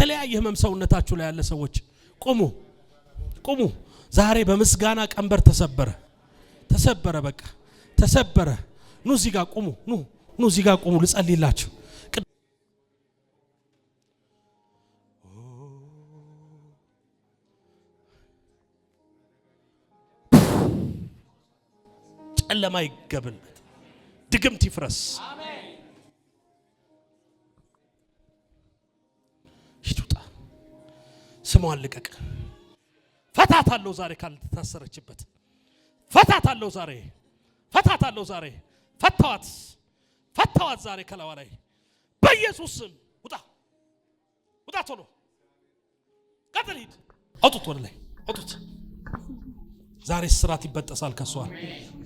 የተለያየ ህመም ሰውነታችሁ ላይ ያለ ሰዎች ቁሙ፣ ቁሙ። ዛሬ በምስጋና ቀንበር ተሰበረ፣ ተሰበረ፣ በቃ ተሰበረ። ኑ እዚህ ጋር ቁሙ፣ ኑ ኑ እዚህ ጋር ቁሙ፣ ልጸልይላችሁ። ጨለማ ይገብንበት፣ ድግምት ይፍረስ። አሜን። ስሟን ልቀቅ። ፈታት አለው ዛሬ ካልታሰረችበት፣ ፈታት አለው ዛሬ፣ ፈታት አለው ዛሬ። ፈታዋት፣ ፈታዋት ዛሬ ከላዋ ላይ በኢየሱስ ስም ውጣ፣ ውጣ፣ ቶሎ ቀጥል፣ ሂድ። አውጡት፣ ወደ ላይ አውጡት። ዛሬ ስራት ይበጠሳል ከሷል።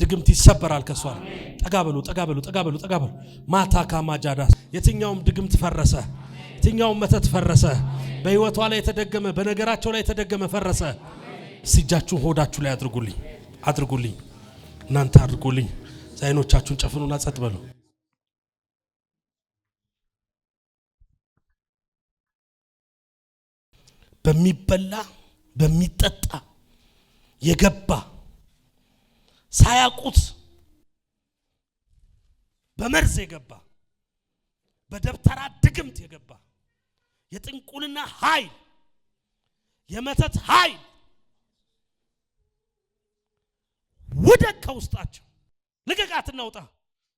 ድግምት ይሰበራል ከሷል። ጠጋበሉ ጠጋበሉ ጠጋበሉ ጠጋበሉ ጠጋ በሉ፣ ማታ ካማጃዳ የትኛውም ድግምት ፈረሰ፣ የትኛውም መተት ፈረሰ። በህይወቷ ላይ የተደገመ በነገራቸው ላይ የተደገመ ፈረሰ። ሲጃችሁ ሆዳችሁ ላይ አድርጉልኝ፣ አድርጉልኝ፣ እናንተ አድርጉልኝ። አይኖቻችሁን ጨፍኑና ጸጥ በሉ። በሚበላ በሚጠጣ የገባ ሳያውቁት በመርዝ የገባ በደብተራ ድግምት የገባ የጥንቁልና ኃይል፣ የመተት ኃይል ውደቅ ከውስጣቸው፣ ልቀቃት፣ እናውጣ።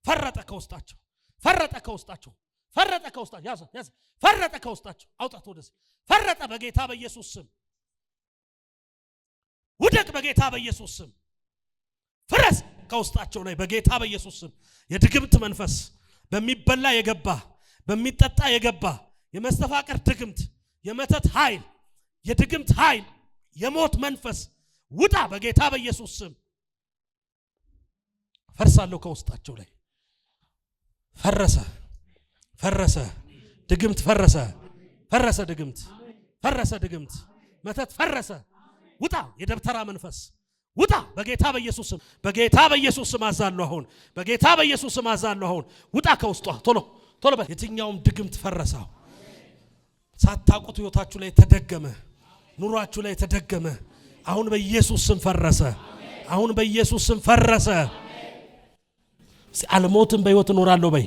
ፈረጠ ከውስጣቸው፣ ፈረጠ ከውስጣቸው፣ ፈረጠ ከውስጣቸው፣ ያዘ፣ ያዘ፣ ፈረጠ ከውስጣቸው፣ አውጣት ወደዚህ፣ ፈረጠ በጌታ በኢየሱስ ስም፣ ውደቅ በጌታ በኢየሱስ ስም፣ ፍረስ ከውስጣቸው ላይ በጌታ በኢየሱስ ስም። የድግምት መንፈስ በሚበላ የገባ በሚጠጣ የገባ የመስተፋቀር ድግምት፣ የመተት ኃይል፣ የድግምት ኃይል፣ የሞት መንፈስ ውጣ በጌታ በኢየሱስ ስም። ፈርሳለሁ ከውስጣቸው ላይ ፈረሰ፣ ፈረሰ፣ ድግምት ፈረሰ፣ ፈረሰ፣ ድግምት ፈረሰ፣ ድግምት መተት ፈረሰ። ውጣ የደብተራ መንፈስ ውጣ በጌታ በኢየሱስ ስም፣ በጌታ በኢየሱስ ስም አዛለሁ። አሁን በጌታ በኢየሱስ ስም አዛለሁ። አሁን ውጣ ከውስጧ ቶሎ ቶሎ። የትኛውም ድግምት ፈረሰ። ሳታውቁት ህይወታችሁ ላይ ተደገመ፣ ኑሯችሁ ላይ ተደገመ። አሁን በኢየሱስ ስም ፈረሰ። አሁን በኢየሱስ ስም ፈረሰ። አልሞትም፣ በህይወት እኖራለሁ በይ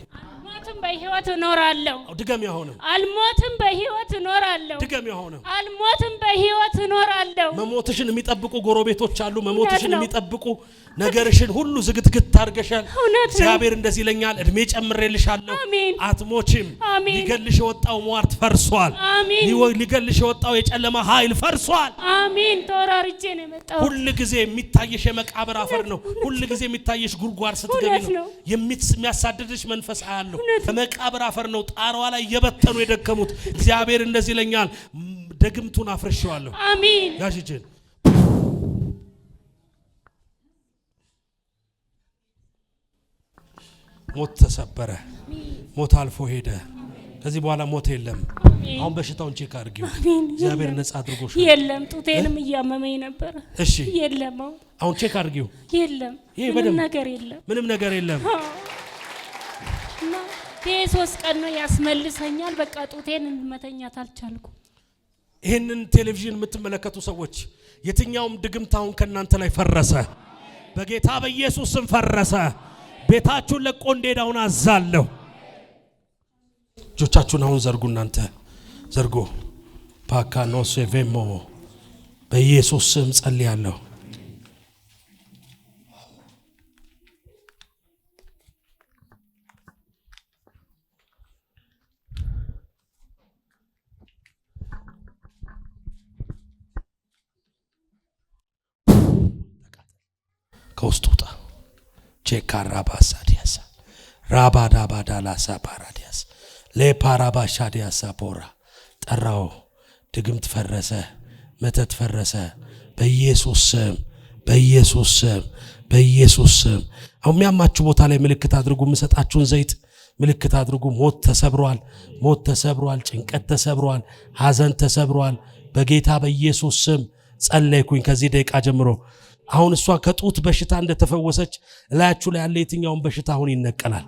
እኖራለሁ። ድገም ያሆነ አልሞትም፣ በህይወት እኖራለሁ። ድገም ያሆነ አልሞትም፣ በህይወት እኖራለሁ። መሞትሽን የሚጠብቁ ጎረቤቶች አሉ። መሞትሽን የሚጠብቁ ነገርሽን ሁሉ ዝግትግት አድርገሻል። እግዚአብሔር እንደዚህ ይለኛል፣ እድሜ ጨምሬልሻለሁ፣ አትሞችም። ሊገልሽ የወጣው ሟርት ፈርሷል። ሊገልሽ የወጣው የጨለማ ኃይል ፈርሷል። አሜን። ተወራርጄ ነው የመጣሁት። ሁል ጊዜ የሚታየሽ የመቃብር አፈር ነው። ሁል ጊዜ የሚታየሽ ጉድጓድ ስትገቢ ነው። የሚያሳድድሽ መንፈስ አያለሁ። ከመቃብር አፈር ነው ጣራዋ ላይ የበተኑ የደከሙት። እግዚአብሔር እንደዚህ ይለኛል፣ ደግምቱን አፍርሼዋለሁ። አሜን። ጋሽጅን ሞት ተሰበረ። ሞት አልፎ ሄደ። ከዚህ በኋላ ሞት የለም። አሁን በሽታውን ቼክ አድርጊው። እግዚአብሔር ነጻ አድርጎሽ። የለም ጡቴንም እያመመኝ ነበረ። እሺ የለም። አሁን አሁን ቼክ አድርጊው። የለም ምንም ነገር የለም። ምንም ነገር የለም። ይህ ሶስት ቀን ነው ያስመልሰኛል። በቃ ጡቴን መተኛት አልቻልኩ። ይህንን ቴሌቪዥን የምትመለከቱ ሰዎች የትኛውም ድግምት አሁን ከእናንተ ላይ ፈረሰ፣ በጌታ በኢየሱስ ስም ፈረሰ። ቤታችሁን ለቆ እንዲሄድ አሁን አዛለሁ። እጆቻችሁን አሁን ዘርጉ እናንተ ዘርጎ ፓካ ኖሴ ቬሞ በኢየሱስ ስም ጸልያለሁ። ከውስጥ ውጣ። ቼካ ራባሳ ዲያሳ ራባዳባዳላሳ ፓራዲያስ ሌፓራባሻ ዲያሳ ቦራ ጠራው። ድግምት ፈረሰ፣ መተት ፈረሰ። በኢየሱስ ስም፣ በኢየሱስ ስም፣ በኢየሱስ ስም። አሁን የሚያማችሁ ቦታ ላይ ምልክት አድርጉ። የምሰጣችሁን ዘይት ምልክት አድርጉ። ሞት ተሰብሯል፣ ሞት ተሰብሯል፣ ጭንቀት ተሰብሯል፣ ሐዘን ተሰብሯል። በጌታ በኢየሱስ ስም ጸለይኩኝ። ከዚህ ደቂቃ ጀምሮ አሁን እሷ ከጡት በሽታ እንደተፈወሰች እላያችሁ ላይ ያለ የትኛውን በሽታ አሁን ይነቀላል።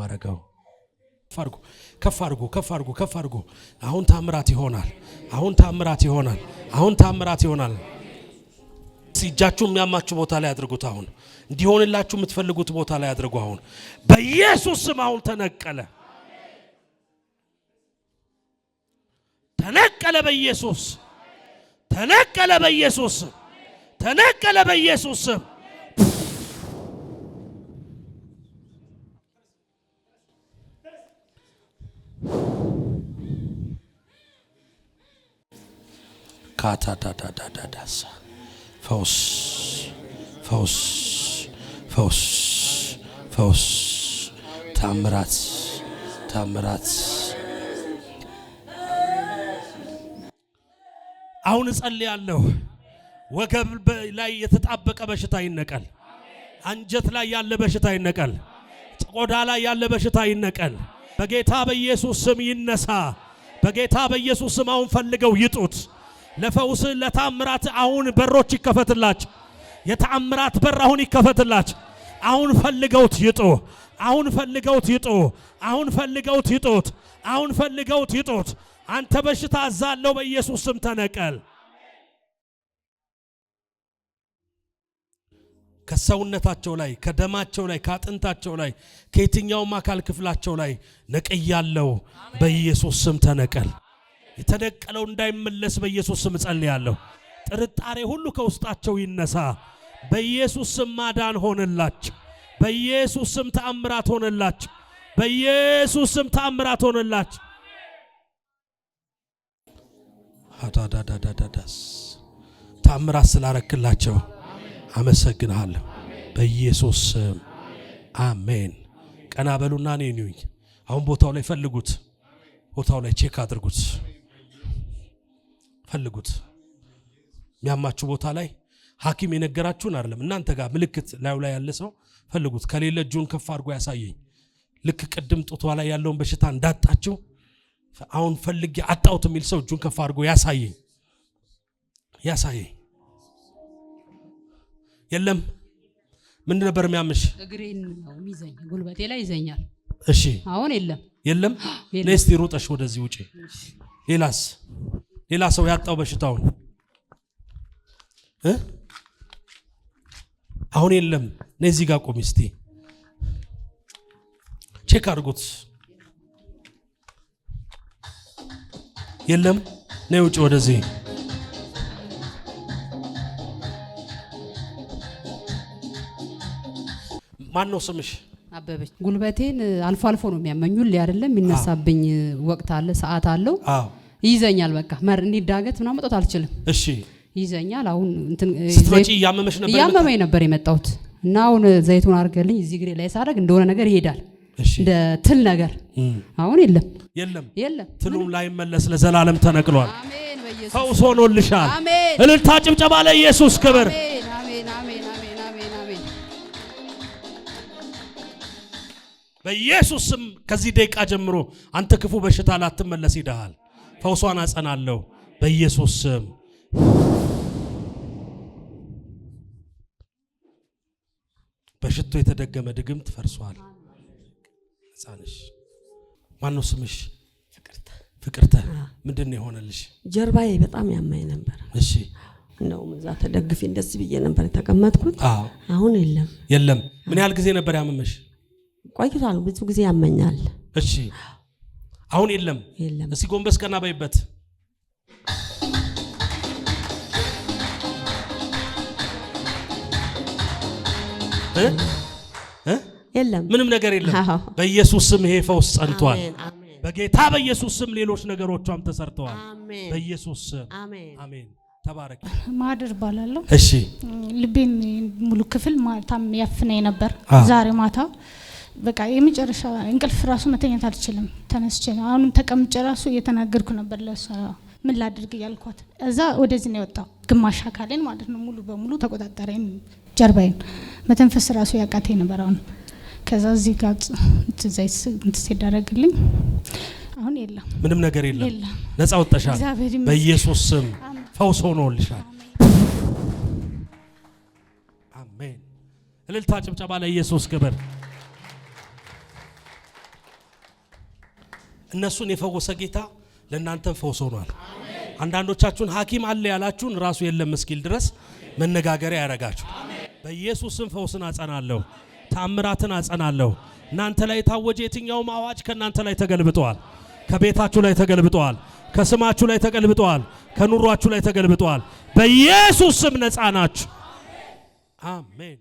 ማረገው። ከፍ አድርጎ ከፍ አድርጎ ከፍ አድርጎ። አሁን ታምራት ይሆናል። አሁን ታምራት ይሆናል። አሁን ታምራት ይሆናል። እጃችሁ የሚያማችሁ ቦታ ላይ አድርጉት። አሁን እንዲሆንላችሁ የምትፈልጉት ቦታ ላይ አድርጉ። አሁን በኢየሱስ ስም አሁን ተነቀለ፣ ተነቀለ በኢየሱስ ተነቀለ፣ በኢየሱስ ተነቀለ፣ በኢየሱስ ካታታታታዳዳሳ ፈውስ ፈውስ ፈውስ ፈውስ ታምራት ታምራት። አሁን እጸልያለሁ። ወገብ ላይ የተጣበቀ በሽታ ይነቀል። አንጀት ላይ ያለ በሽታ ይነቀል። ቆዳ ላይ ያለ በሽታ ይነቀል። በጌታ በኢየሱስ ስም ይነሳ። በጌታ በኢየሱስ ስም አሁን ፈልገው ይጡት። ለፈውስ ለታምራት አሁን በሮች ይከፈትላች የታምራት በር አሁን ይከፈትላች አሁን ፈልገውት ይጡ። አሁን ፈልገውት ይጡ። አሁን ፈልገውት ይጡት። አሁን ፈልገውት ይጡት። አንተ በሽታ አዛለው በኢየሱስ ስም ተነቀል። ከሰውነታቸው ላይ ከደማቸው ላይ ከአጥንታቸው ላይ ከየትኛውም አካል ክፍላቸው ላይ ነቅያለው በኢየሱስ ስም ተነቀል። የተደቀለው እንዳይመለስ በኢየሱስ ስም ጸልያለሁ። ጥርጣሬ ሁሉ ከውስጣቸው ይነሳ። በኢየሱስ ስም ማዳን ሆነላቸው። በኢየሱስ ስም ተአምራት ሆነላቸው። በኢየሱስ ስም ተአምራት ሆነላቸው። አዳዳዳዳዳስ ተአምራት ስላረክላቸው አመሰግንሃለሁ። በኢየሱስ ስም አሜን። ቀና በሉና እኔ አሁን ቦታው ላይ ፈልጉት፣ ቦታው ላይ ቼክ አድርጉት። ፈልጉት። የሚያማችሁ ቦታ ላይ ሐኪም የነገራችሁን አይደለም፣ እናንተ ጋር ምልክት ላዩ ላይ ያለ ሰው ፈልጉት። ከሌለ እጁን ከፍ አድርጎ ያሳየኝ። ልክ ቅድም ጡቷ ላይ ያለውን በሽታ እንዳጣችው አሁን ፈልጌ አጣሁት የሚል ሰው እጁን ከፍ አድርጎ ያሳየኝ ያሳየኝ። የለም ምን ነበር የሚያምሽ? ጉልበቴ ላይ ይዘኛል። እሺ አሁን የለም፣ የለም። ነስቲ ሩጠሽ ወደዚህ ውጪ። ሌላስ ሌላ ሰው ያጣው በሽታውን አሁን የለም። እዚህ ጋር ቆም እስቲ ቼክ አድርጉት። የለም ነይ ውጭ ወደዚህ ማን ነው ስምሽ? አበበች። ጉልበቴን አልፎ አልፎ ነው የሚያመኙል አይደለም። የሚነሳብኝ ወቅት አለ፣ ሰዓት አለው። ይዘኛል። በቃ መር እንዲ ዳገት ምናምን መጣት አልችልም። እሺ ይዘኛል። አሁን እንትን ስትረጪ እያመመሽ ነበር? እያመመኝ ነበር የመጣሁት እና አሁን ዘይቱን አድርገልኝ እዚህ ግሬ ላይ ሳደርግ እንደሆነ ነገር ይሄዳል እንደ ትል ነገር አሁን የለም የለም የለም። ትሉም ላይመለስ ለዘላለም ተነቅሏል። ፈውስ ሆኖልሻል። እልልታ ጭብጨባ ለኢየሱስ ክብር። በኢየሱስም ከዚህ ደቂቃ ጀምሮ አንተ ክፉ በሽታ ላትመለስ ይደሃል። ፈውሷን አጸናለሁ በኢየሱስ ስም። በሽቶ የተደገመ ድግምት ፈርሷል። ህጻንሽ ማነው ስምሽ? ፍቅርተ ምንድን ነው የሆነልሽ? ጀርባዬ በጣም ያማኝ ነበር። እሺ እንደውም እዛ ተደግፌ እንደዚህ ብዬ ነበር የተቀመጥኩት። አሁን የለም የለም። ምን ያህል ጊዜ ነበር ያመመሽ? ቆይቷል። ብዙ ጊዜ ያመኛል። እሺ አሁን የለም። እስቲ ጎንበስ ቀና በይበት። ምንም ነገር የለም። በኢየሱስ ስም ይሄ ፈውስ ጸንቷል። በጌታ በኢየሱስ ስም ሌሎች ነገሮቿም ተሰርተዋል። በኢየሱስ ስም አሜን። ተባረክ። ማድር እባላለሁ። እሺ ልቤን ሙሉ ክፍል ማታም ያፍነኝ ነበር ዛሬ ማታ በቃ የመጨረሻ እንቅልፍ ራሱ መተኛት አልችልም። ተነስቼ አሁንም ተቀምጬ ራሱ እየተናገርኩ ነበር ለእሷ ምን ላድርግ እያልኳት፣ እዛ ወደዚህ ነው የወጣው። ግማሽ አካሌን ማለት ነው ሙሉ በሙሉ ተቆጣጠረኝ፣ ጀርባዬን መተንፈስ ራሱ ያቃተኝ ነበር። አሁን ከዛ እዚህ ጋር ትዛይ ሲዳረግልኝ አሁን የለም፣ ምንም ነገር የለም። ነፃ ወጠሻል። በኢየሱስ ስም ፈውስ ሆኖልሻል። አሜን። እልልታ ጭብጨባ ለኢየሱስ ክብር። እነሱን የፈወሰ ጌታ ለእናንተም ፈውስ ሆኗል። አንዳንዶቻችሁን ሐኪም አለ ያላችሁን ራሱ የለም እስኪል ድረስ መነጋገሪያ ያደረጋችሁ በኢየሱስም ፈውስን አጸናለሁ፣ ታምራትን አጸናለሁ። እናንተ ላይ የታወጀ የትኛውም አዋጅ ከእናንተ ላይ ተገልብጠዋል። ከቤታችሁ ላይ ተገልብጠዋል። ከስማችሁ ላይ ተገልብጠዋል። ከኑሯችሁ ላይ ተገልብጠዋል። በኢየሱስም ነፃ ናችሁ። አሜን።